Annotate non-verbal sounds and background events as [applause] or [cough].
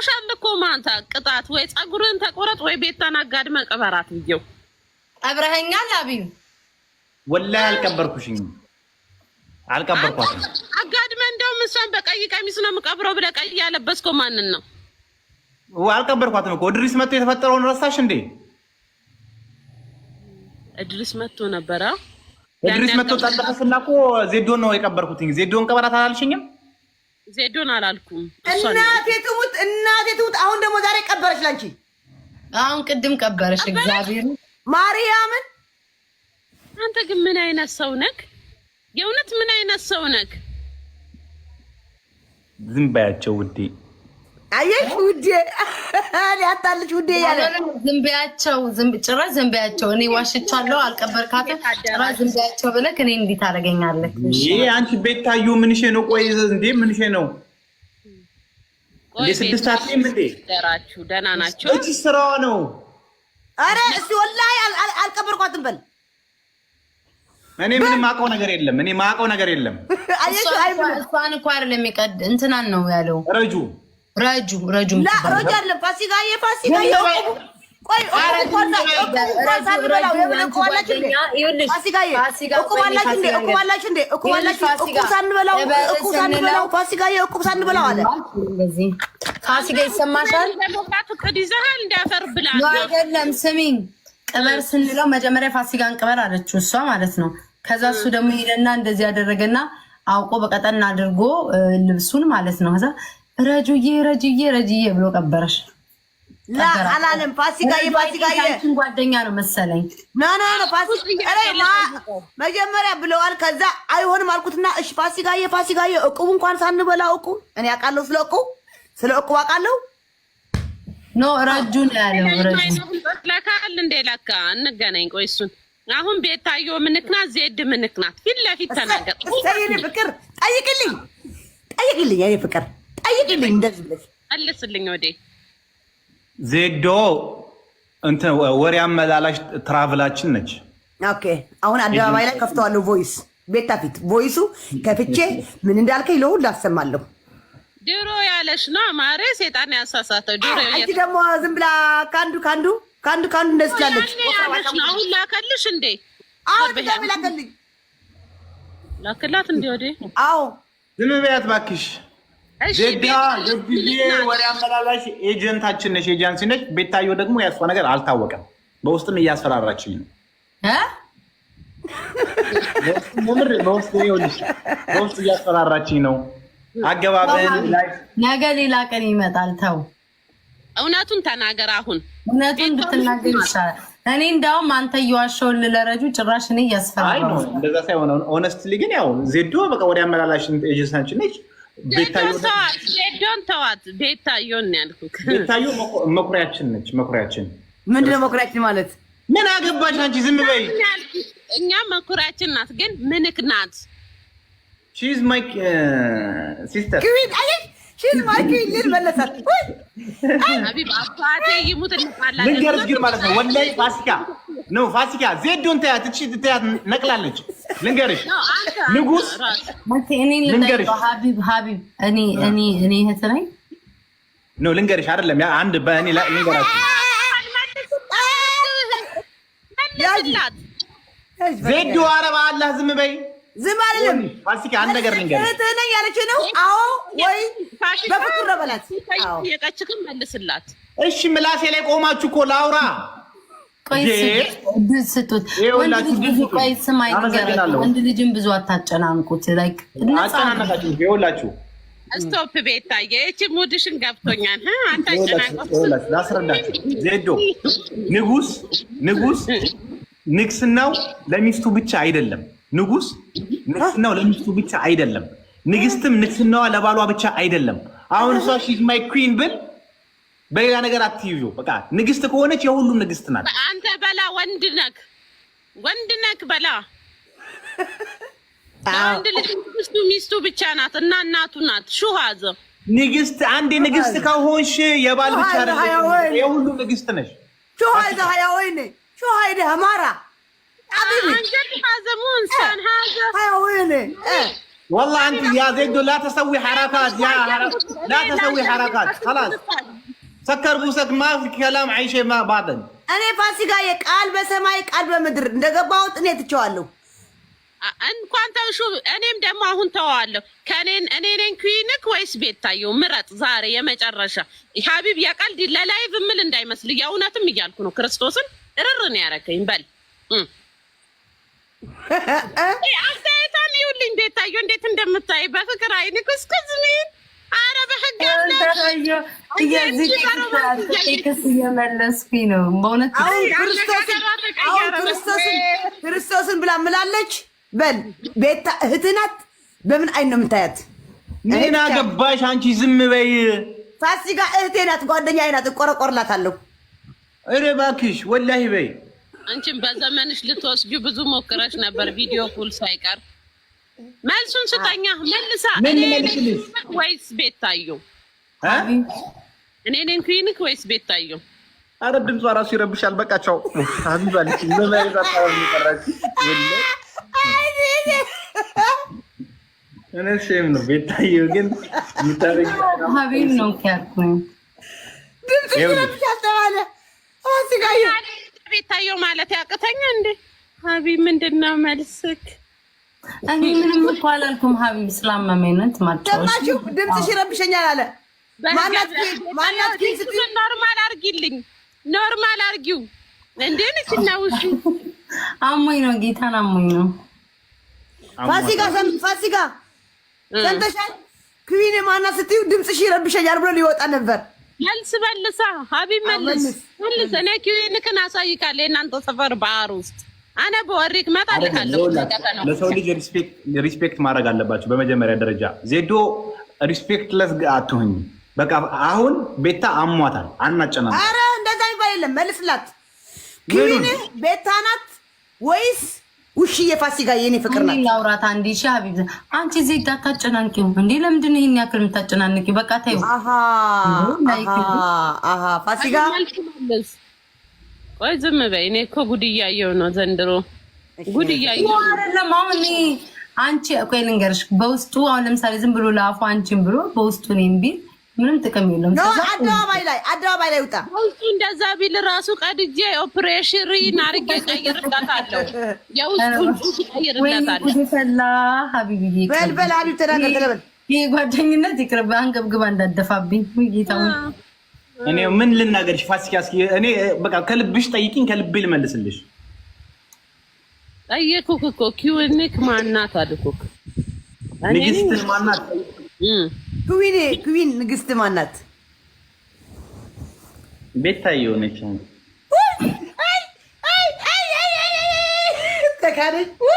ብሎሻል እኮ ማንታ ቅጣት ወይ ፀጉርን ተቆረጥ ወይ ቤታን አጋድመ ቅበራት ብዬው ቀብረኸኛል። አብዩ ወላሂ አልቀበርኩሽኝ አልቀበርኳት አጋድመ እንደውም እሷን በቀይ ቀሚስ ነው የምቀብረው ብለህ ቀይ ያለበስከው ማንን ነው? አልቀበርኳትም እኮ እድሪስ መጥቶ የተፈጠረውን ረሳሽ እንዴ? እድሪስ መጥቶ ነበረ። እድሪስ መጥቶ ጠለፈስና እኮ ዜዶን ነው የቀበርኩትኝ። ዜዶን ቀበራት አላልሽኝም? ዜዶን አላልኩም። እናቴ ትሙት፣ እናቴ ትሙት። አሁን ደግሞ ዛሬ ቀበረች ላንቺ። አሁን ቅድም ቀበረች። እግዚአብሔር ማርያምን። አንተ ግን ምን አይነት ሰው ነክ? የእውነት ምን አይነት ሰው ነክ? ዝም ባያቸው ውዴ አየሽ ውዴ ያታለች ውዴ ያለ ዝምቢያቸው ጭራ ዝምቢያቸው እኔ ዋሽቻለሁ አልቀበርካትም ጭራ ዝምቢያቸው ብለህ እኔ እንዴት አደረገኛለህ ይሄ አንቺ ቤት ታዩ ምንሽ ነው ቆይ እንዴ ምንሽ ነው እንዴ ደህና ናቸው እቺ ስራዋ ነው አረ እስቲ ወላሂ አልቀበርኳትም በል እኔ ምንም አውቀው ነገር የለም እኔ ማውቀው ነገር የለም እሷን እኮ አይደለም የሚቀድ እንትናን ነው ያለው ረጁ ረጁ ረጁ ረጁ አለ ፋሲካ የፋሲካ ቅበር ስንለው መጀመሪያ ፋሲካን ቅበር አለችው እሷ ማለት ነው። ከዛ እሱ ደግሞ ሄደና እንደዚህ ያደረገና አውቆ በቀጠና አድርጎ ልብሱን ማለት ነው ረጁዬ ረጅዬ ረጅዬ ብሎ ቀበረሽ። አላለም ፋሲካ ፋሲካ ጓደኛ ነው መሰለኝ። መጀመሪያ ብለዋል። ከዛ አይሆንም አልኩትና እሺ ፋሲካዬ ፋሲካዬ እቁብ እንኳን ሳንበላ እቁ እኔ አውቃለሁ፣ ስለ እቁ ስለ እቁ አውቃለሁ። ኖ ረጁ ነው ያለው። ለካል እንዴ ለካ እንገናኝ። ቆይ እሱን አሁን ቤታዮ ምንክናት ዜድ ምንክናት ፊት ለፊት ተናገር። ፍቅር ጠይቅልኝ ጠይቅልኝ ፍቅር ጠይቅልኝ፣ እንደዚህ ብለሽ ወዴ ዜዶ እንትን ወሬ አመላላሽ ትራቭላችን ነች። ኦኬ አሁን አደባባይ ላይ ከፍተዋለሁ። ቮይስ ቤታ ፊት ቮይሱ ከፍቼ ምን እንዳልከኝ ለሁሉ አሰማለሁ። ድሮ ያለሽ ነው ማሬ፣ ሴጣን ያሳሳተው ድሮ። አንቺ ደግሞ ዝም ብላ ከአንዱ ከአንዱ ከአንዱ ከአንዱ እንደዚህ ትላለች። አሁን ላከልሽ እንዴ? አሁን ደግሞ ላከልኝ። ላክላት እንዴ? ወዴ አዎ፣ ዝም በያት እባክሽ። ወሬ አመላላሽ ኤጀንታችን ነሽ፣ ኤጀንሲ ቤታየው ደግሞ ያሷ ነገር አልታወቀም። በውስጥም እያስፈራራችኝ ነው። በውስጥ እያስፈራራችኝ ነው። አገባብን ነገ ሌላ ቀን ይመጣል። ተው እውነቱን ተናገር። አሁን እውነቱን ብትናገር ይሻላል። እኔ እንዳውም አንተ እየዋሸውን ልለረጁ ጭራሽ እኔ እያስፈራራ እንደዛ ሳይሆን ኦነስትሊ ግን ያው ዜዶ በቃ ወደ አመላላሽ ኤጀንሳችን ነች ዶን ተዋት። ቤታዮን ያልኩት ቤታዮ መኩሪያችን ነች። መኩሪያችን ምንድን ነው? መኩሪያችን ማለት ምን አገባሽ አንቺ? ዝም በይ። እኛ መኩሪያችን ናት፣ ግን ምንክ ናት። ሺዝ ማይ ሲስተር ሺዝ ማይ መለሳት። አባቴ ይሙት እንጣላለን። ልንገርሽ ግን ማለት ነው ወላሂ ፋሲካ ነው ፋሲካ ዜዶን ተያት። እቺ ተያት ነቅላለች ልንገርሽ ንጉስ ልንገርሽ ሀቢብ ሀቢብ እኔ እኔ እኔ እህት ነኝ። ኖ ልንገርሽ አይደለም አንድ በእኔ ላይ ልንገራችሁ ዜዱ አረባ አላህ ዝም በይ ዝም አለም ፋሲካ አንድ ነገር ልንገርሽ እህትህ ነኝ ያለችህ ነው። አዎ ወይ በፍቅር ነው በላት። የቀችክም መልስላት። እሺ ምላሴ ላይ ቆማችሁ እኮ ላውራ ስጡት ወንድ ልጅን ብዙ አታጨናንቁት። ስቶፕ ሙድሽን ገብቶኛል። አታጨናንቁት። ላስረዳችሁ ዜዶ ንጉስ ንጉስ ንግስናው ለሚስቱ ብቻ አይደለም። ንጉስ ንግስናው ለሚስቱ ብቻ አይደለም። ንግስትም ንግስናዋ ለባሏ ብቻ አይደለም። አሁን እሷ ሺዝ ማይ ኩዊን ብል በሌላ ነገር አትዩ። በቃ ንግስት ከሆነች የሁሉም ንግስት ናት። አንተ በላ ወንድ ነክ ወንድ ነክ በላ አንድ ልጅ ንግስቱ ሚስቱ ብቻ ናት እና እናቱ ናት። ሹሃዘ ንግስት አንድ ንግስት ከሆንሽ የባል ብቻ ነ የሁሉም ንግስት ነሽ። ሹሃዘ ሀያ ወይኔ ሹሃይደ አማራ والله انت يا زيد لا تسوي حركات يا لا تسوي حركات خلاص ሰከር ቡሰክ ማፍ ከላም አይሼ ማ ባጠን እኔ ፋሲካዬ ቃል በሰማይ ቃል በምድር እንደገባሁት እኔ ትቼዋለሁ። እንኳን ተውሹ እኔም ደግሞ አሁን ተዋዋለሁ። ከኔን እኔ ነኝ ኩዊንክ ወይስ ቤታየው? ምረጥ ዛሬ የመጨረሻ ሀቢብ የቀልድ ለላይቭ ምል እንዳይመስል የእውነትም እያልኩ ነው። ክርስቶስን እርርን ያረከኝ። በል [laughs] አስተያየቷን ይኸውልኝ ቤታየው እንዴት እንደምታይ በፍቅር አይንኩስኩዝሚን አረ በህግ እየመለስኩኝ ነው። በእውነት ክርስቶስን ብላ ምላለች። በል ቤታ እህትህ ናት። በምን አይን ነው የምታያት? ምን አገባሽ አንቺ? ዝም በይ ፋሲካ። እህቴ ናት፣ ጓደኛዬ ናት። እቆረቆርላታለሁ። ኧረ እባክሽ ወላሂ በይ። አንቺም በዘመንሽ ልትወስጂው ብዙ ሞክረሽ ነበር ቪዲዮ ኩል ሳይቀር መልሱን ስጠኛ መልሳ ወይስ ቤት ታዩ? እኔ እኔን ክሊኒክ ወይስ ቤት ታዩ? አረ ድምጿ ራሱ ይረብሻል። በቃቸው ሀቢባ ልች ነው ቤት ታዩ ግን ሀቢብ ነው ድምፅ ይረብሻል ተባለ ቤት ታየው ማለት ያቅተኛ እንዴ? ሀቢብ ምንድን ነው መልስክ? እኔ ምንም እኮ አላልኩም። ሀቢብ ስላመመኝ ነው የማትጫወሺው። ድምፅሽ ይረብሸኛል አለ ኖርማል አድርጊልኝ፣ ኖርማል አድርጊው። እንዴ ነች አሞኝ ነው፣ ጌታን አሞኝ ነው። ፋሲካ ፋሲካ ሰምተሻል? ክዊን ማናት ስትዪው ድምፅሽ ይረብሸኛል ብሎ ሊወጣ ነበር። መልስ መልሳ ሀቢብ መልስ መልስ። እኔ ክዊን ክን አሳይካለሁ የእናንተ ሰፈር ባህር ውስጥ አነ በወሪክ መጣልካለሁ። ለሰው ልጅ ሪስፔክት ማድረግ አለባቸው። በመጀመሪያ ደረጃ ዜዶ ሪስፔክት ለስ አትሁኝ። በቃ አሁን ቤታ አሟታል፣ አናጨና አረ እንደዛ ይባ የለም። መልስላት ክሊኒ ቤታ ናት ወይስ ውሽዬ ፋሲካ የኔ ፍቅር ናት። ላውራት አንዴ ሺ ሀቢብ አንቺ ዜጋ ታጨናንቂው እንዴ? ለምንድን ይህን ያክል የምታጨናንቂው? በቃ ታይ ፋሲካ ወይ ዝም በይ። እኔ እኮ ጉድ እያየሁ ነው ዘንድሮ ጉድ እያየሁ አንቺ ቆይ ልንገርሽ፣ በውስጡ አሁን ለምሳሌ ዝም ብሎ ለአፉ አንቺን ብሎ በውስጡ እኔም ቢል ምንም ጥቅም የለውም። አደባባይ ላይ አደባባይ ላይ ውጣ። በውስጡ እንደዛ ቢል ራሱ ቀድጄ ኦፕሬሽን አድርጌ ቀይርለታለሁ። የውስጡን ቀይርለታለሁ። ተናገር ይህ ጓደኝነት ይቅርብ። አንገብግባ እንዳደፋብኝ ጌታ እኔ ምን ልናገርሽ ፋሲካ? እስኪ እኔ በቃ ከልብሽ ጠይቂኝ፣ ከልቤ ልመልስልሽ። ጠየኩክ እኮ ኪውኒክ ማናት አልኩክ። ንግስት ማናት? ኩዊኔ ኩዊን ንግስት ማናት? ቤታዬ ሆነች ተካደች።